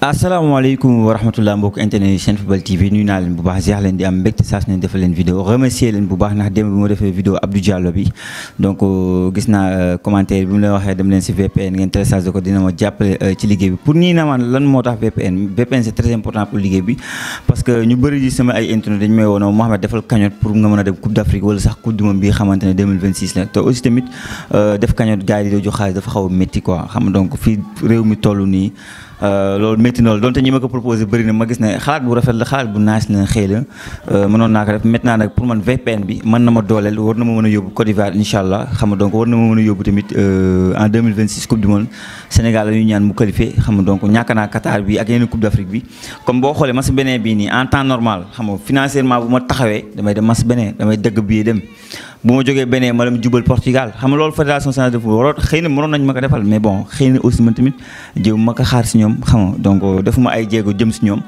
asalaamaaleykum wa rahmatulah mbokk internet Senfootball TV nuyu naa leen bu baax ziar leen di am mbégte saa su ne defal leen vidéo remercier leen bu baax ndax démb bi ma defee vidéo Abdou Diallo bi donc gis naa commentaire bi mu leen waxee dem leen si VPN ngeen télécharge ko dina ma jàppale ci liggéey bi pour nii na man lan moo tax VPN VPN c'est très important pour liggéey bi parce que ñu bëri di sama ay internet dañu may woon Mouhamed defal cagnotte pour nga mën a dem Coupe d'Afrique wala sax Coupe du Monde bi xamante ne 2026 la te aussi tamit def cagnotte gars yi di jox xaalis dafa xaw a métti quoi xam donc fii réew mi toll nii Euh, loolu métti na donte ñi ma ko proposé bëri ma gis ne xalaat bu rafet la xalaat bu naaj la xëy la euh, mënoon naa ko def maintenant nag pour man VPN bi mën na ma dooleel war na ma mën a yóbbu Côte d'Ivoire incha allah xam nga war na ma mën a yóbbu tamit euh, en 2026 coupe du monde Sénégal la ñaan mu qualifié xam nga donc ñàkk naa Qatar bi ak yeneen coupe d' Afrique bi comme boo xoolee match beneen bii nii en temps normal xam nga financièrement bu ma taxawee damay dem match beneen damay dëgg bii dem bu ma jógee benee ma dem jubal Portugal xam nga loolu fédération sénégalaise de football waroon xëy na mënoon nañ ma ko defal mais bon xëy na aussi man tamit jëm ma ko xaar si ñoom xam nga donc euh, defuma ay jéego jëm si ñoom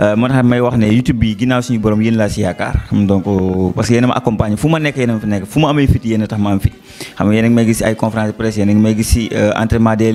euh, man xam may wax ne YouTube bi ginnaaw suñu borom yéen laa si yaakaar xam donc euh, parce que a ma accompagné fu ma nekk yéen a ma fi nekk fu ma amee fit yéen a tax ma am fit xam nga a ngi may gis ay conférence de presse a ngi may gis si entraînement des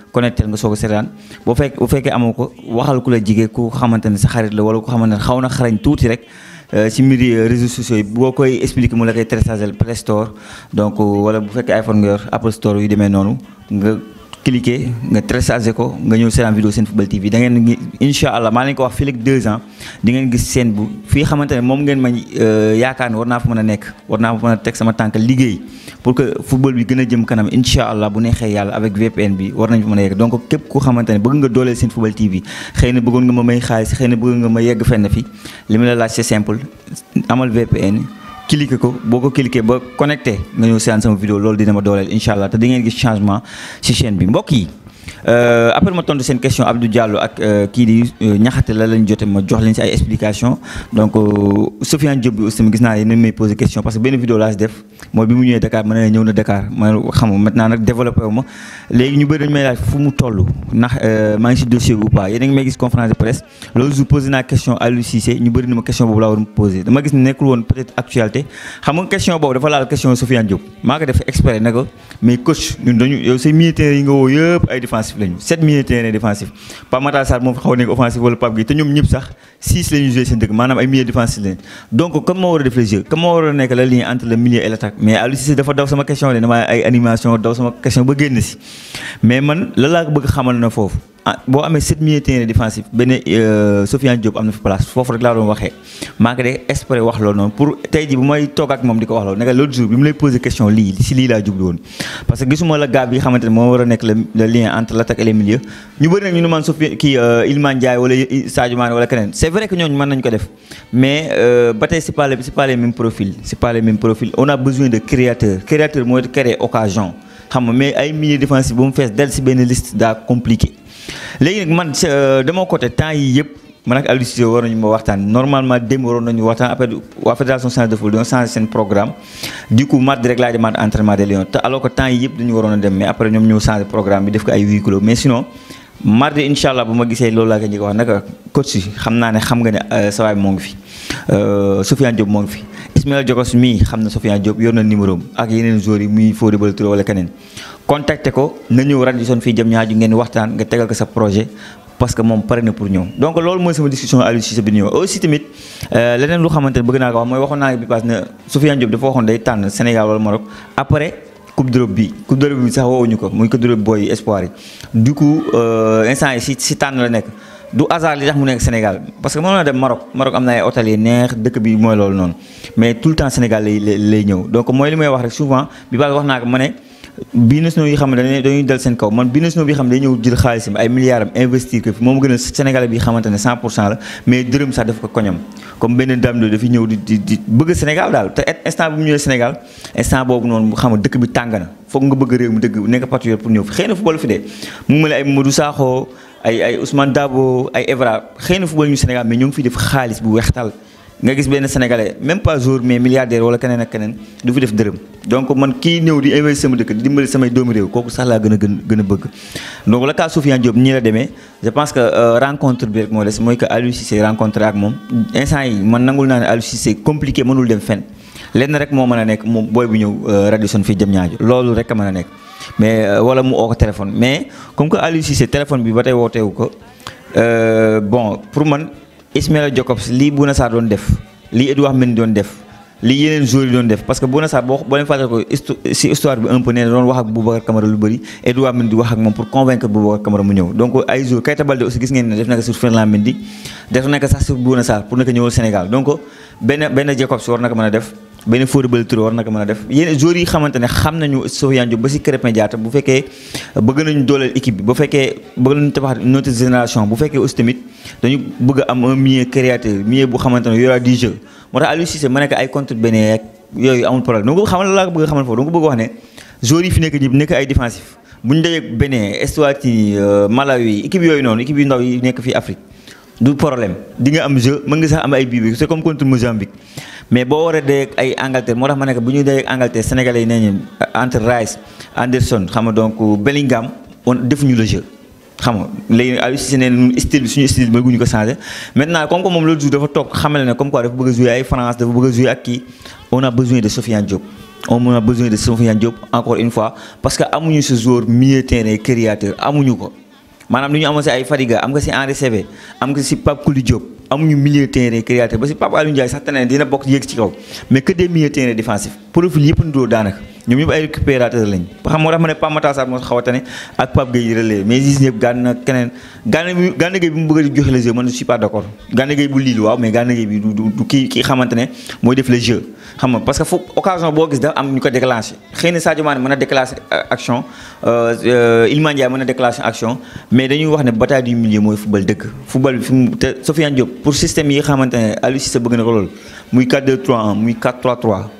connecté nga soo a seetaan boo fekk bu fekkee amoo ko waxal ku la jigee ku xamante ne sa xarit la wala ku xamante ne xaw na xarañ tuuti rek euh, si mbiri euh, réseaux sociaux yi boo koy expliqué mu la koy téléchargé Play Store donc euh, wala bu fekkee iPhone nga yor Apple Store yu demee noonu nga. cliquer nga télécharger ko nga ñëw seetaan vidéo seen football TV da ngeen incha allah maa leen ko wax fii ak deux ans di gis seen bu fii xamante moom ngeen ma euh, yaakaar ne war naa fa mën a nekk war naa fa mën a teg sama tànk liggéey pour que football bi gën a jëm kanam incha allah bu neexee yàlla avec VPN bi war nañ fa mën a yegg donc képp ku xamante ne bëgg nga dooleel seen football TV xëy na bëggoon nga ma may xaalis xëy na bëgg nga ma yegg cliquer ko boo ko cliquer ba connecté nga ñëw seetaan sama vidéo loolu dina ma dooleel incha te di ngeen gis changement ci chaîne bi mbokk yi. Euh, après ma de seen question Abdou Diallo ak qui euh, di ñaxate euh, la lañ joté ma jox leen ci ay explication donc euh, Sofiane Diop bi aussi gis na yéen may poser question parce que benn vidéo la si def mooy bi mu ñëwee Dakar mané ne ñëw na Dakar ma xam maintenant nak développer wu ma légui ñu bëri dañu may laaj fu mu toll euh, ma ngi ci dossier bi ou pas yéen ngi may gis conférence de presse loolu je posé naa question Aliou Cissé ñu bëri ni ma question boobu laa waroon poser dama gis ne nekkul woon peut être actualité xam nga question bobu dafa laal question Sofiane Diop maa ko def exprès ne mais coach ñun dañu yow say militaires yi nga wo yépp ay défensif lañu 7 milieu terrain défensif pa mata sar mo xaw nekk offensif wala pap gi te ñom ñep sax 6 la jouer joué seen manam ay milieu défensif lañu donc comme mo wara a def le jeu comme mo wara nek la ligne entre le milieu et l'attaque mais Aliou Cissé dafa daw sama question de dama ay animation daw sama question ba génn ci mais man la la bëgg xamal na fofu ah amé cette milieu terrain défensif euh Sofiane Diop am na fi place fofu rek la doon waxé ma ngi dé espérer wax lo non pour tay jii bu may toog ak mom diko wax lo nag l'autre jour bi mu lay poser question li si li la jublu won parce que gisuma la gars bi xamante mo wara war le lien entre l'attaque et les milieux ñu bëri nak ñu man Sofiane euh Iliman Ndiaye wala Sadio Mané wala keneen c'est vrai que ñoo mën nañ ko def mais euh batay c'est pas le c'est pas les mêmes profils c'est pas les mêmes profils on a besoin de créateurs créateurs mooy créer occasion xam nga mais ay milieu défensif bu mu fees del ci ben liste da compliqué léegi nag man euh, de mon côté temps yi yëpp man ak Aliou Cissé war nañu ma waxtaan normalement démb waroon nañu waxtaan après waa fédération changé de football dañoo changé seen programme du coup mardi rek laay demaat entraînement des Lions te temps yi yëpp dañu waroon a dem mais après ñoom ñoo changé programme bi def ko ay huis clos mais sinon mardi incha allah ma gisee loolu laa ko njëkk wax naka coach yi xam naa ne xam nga ne euh, sawaay moo ngi fi euh, Sofiane Diop moo ngi fi Ismaël Jokos mii xam na Sofiane Diop yor na numéro ak yeneen joueurs yi muy Fodé Ballo-Touré wala contacté ko na ñëw Radisson fii jëm ñaaju ngeen waxtaan nga tegal ko sa projet parce que moom pare na pour ñëw donc loolu mooy sama discussion Aliou Cissé bi ñëw aussi tamit euh, leneen lu xamante ne bëgg naa ko wax mooy waxoon naa ko muy coupe d'Europe booy espoir yi euh, dem Maroc Maroc am na ay hôtel yi neex dëkk bi mooy loolu noonu mais tout le temps Sénégal lay lay ñëw donc mooy li may wax rek souvent bi pass wax naa ko ma ne business yi xam ne dañuy dal seen kaw man business bi xam ne dañuy ñëw jël xaalisam ay milliards am investir ko fi moom gën a Sénégalais bi xamante ne pour cent la mais dërëm sax daf ko koñam comme benn dame de dafi ñëw di bëgg Sénégal daal te instant bu mu ñëwee Sénégal instant boobu noonu xam dëkk bi tàng na foog nga bëgg réew mi dëgg nekk patriote pour ñëw fi xëy na fi de mu ngi mel ay Modou Sakho ay ay ay Evra xëy na football ñu Sénégal mais ñoo ngi fi def xaalis bu weextal nga gis benn sénégalais même pas jour mais milliardaire wala keneen ak keneen du fi def dërëm donc man kii ñëw di investir sama dëkk di dimbali samay doomi réew kooku sax laa gën a gën a bëgg donc la cas Soufiane Diop ñi la demee je pense que euh, rencontre bi rek moo des mooy que Aliou Cissé rencontré ak moom instant yi man nangul naa ne Aliou Cissé compliqué mënul dem fenn lenn rek moo mën a nekk moom booy bu ñëw euh, radio son fii jëm ñaajo loolu rek a mën a nekk mais euh, wala mu oo ko téléphone mais comme que Aliou Cissé téléphone bi ba tey wooteewu ko bon pour man Ismaila Jacobs lii Bouna Sarr doon def lii Edouard Mendy doon def lii yeneen joueurs yi doon def parce que Bouna Sarr boo boo leen fàttali ko si histoire bi un peu nee wax ak Boubacar Kamara lu bëri Edouard Mendy wax ak moom pour convaincre Boubacar Kamara mu ñëw donc ay joueurs Keita Baldé aussi gis ngeen ne def na ko sur Ferland Mendy sax sur Bouna Sarr pour ñëwal Sénégal donc benn benn Jacobs war na mën a def. benn Fodé Ballo-Touré war na ko mën a def yenn joueurs yi xamante ne xam nañu Sofiane Diop ba si Krépin Diatta bu fekkee bëgg nañu dooleel équipe bi bu fekkee bëgg nañu tabax notre génération bu fekkee aussi tamit dañu bëgg am un milieu créateur milieu bu xamante ne yora du jeu moo tax ma nekk ay contre benn yooyu amul problème donc xamal laa ko bëgg xamal foofu donc bëgg wax yi fi nekk ñëpp nekk ay défensif bu ñu dajee Bénin Eswatini euh, Malawi équipe yooyu noonu équipe yu ndaw yi nekk fii Afrique du problème di nga am jeu mën nga sax am ay bii c'est comme contre Mozambique mais boo war a ay Angleterre moo tax ma nekk bu ñu dee ak Angleterre sénégalais yi nee nañu euh, entre Rice Anderson xam nga donc euh, Bellingham on defuñu le jeu. xam nga léegi Aliou Cissé neen style suñu style bi bëgguñu ko changer maintenant comme mom le loolu dafa tok xamal né comme quoi dafa bëgg jouer ay France dafa bëgg jouer ak ki on a besoin de Sofiane Diop. on a besoin de Sofiane Diop encore une fois parce que amuñu ce joueur milieu terrain créateur amuñu ko manam li ñu amoon ay fariga am nga ci Henri Saivet am nga ci Pape Kouli Diop. amuñu milieu terrain créateur ba si Pape Aliou Ndiaye dina bokk yéeg ci kaw mais que des milieux terrain défensif profil yëpp nduroo daanaka ñoom ñëpp ay récupérateur lañ xam moo tax ma ne Pape moo xaw a tane ak Pape Gueye relais mais gis ñëpp gànn keneen gànn bi gànn Gueye bi mu bëgg a joxe le jeu man je suis pas d' accord gànn Gueye waaw mais gànn Gueye bi du kii kii xamante ne mooy def le jeu xam nga parce que foofu occasion boo gis dafa am ñu ko déclenché xëy na Sadio Mané mën a déclenché action euh, euh, Iliman Ndiaye mën a déclenché action mais dañuy wax ne bataille du milieu mooy football dëgg football bi fi mu te pour système yi xamante ne Aliou Cissé bëgg na ko lool muy 4 2 3 1 muy 4 3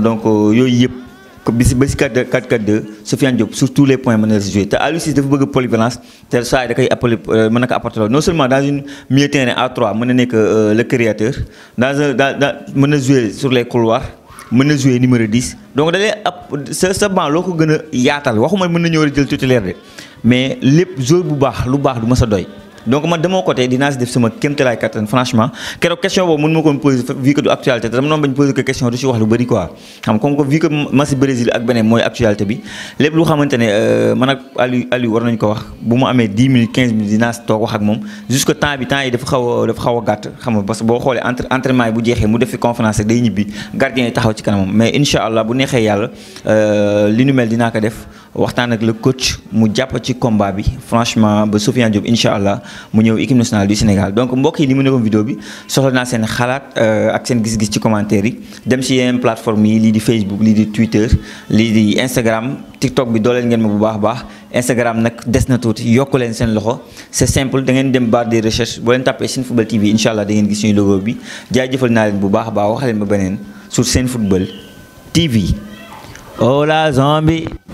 donc euh, yooyu yëpp bi si 4 4 4 2 Sofiane Diop sur tous les points mën na joué. te Aliou Cissé dafa bëgg polyvalence te saa yi da koy appelé euh, mën ko apporter non seulement dans une milieu terrain à 3 mën na que euh, le créateur dans un dans dans jouer sur les couloirs mën a jouer numéro 10 donc da lay ab sa sa banc loo Je ne sais pas waxuma mën na ñëw jël titulaire mais lépp joueur bu baax lu baax du ma doy. donc man de mon côté dinaa def sama kéemtalaay kattan franchement keroog question boobu mën ma ko poser vu que du actualité dama noonu bañ poser que question du si wax lu bëri quoi xam comme que vu que Massi Brésil ak beneen mooy actualité bi lépp lu xamante ne euh, man ak Aliou Aliou war nañ ko wax bu mu amee 10 minutes 15 minutes dinaa si toog wax ak moom jusque temps bi temps yi dafa xaw a dafa xaw a gàtt xam nga parce que boo xoolee entre entraînement jeexee mu def fi conférence day ñibbi gardien yi mais incha allah bu neexee euh, li nu mel dinaa ko def waxtaan ak le coach mu japp ci combat bi franchement ba Sofiane Diop inshallah mu ñew équipe nationale du Sénégal donc mbokk yi li mu nekkoon vidéo bi soxla na seen xalaat euh, ak seen gis-gis ci commentaire yi dem ci yeneen plateforme yi li di Facebook li di Twitter li di Instagram TikTok bi dooleel ngeen ma bu baax baax Instagram nak des na tuuti yokk leen seen loxo c'est simple da ngeen dem barre de recherche boo leen tàppee seen football TV inshallah da ngeen gis suñu logo bi jaajëfal na leen bu baax baax wax ba beneen sur seen football TV. Hola oh zombie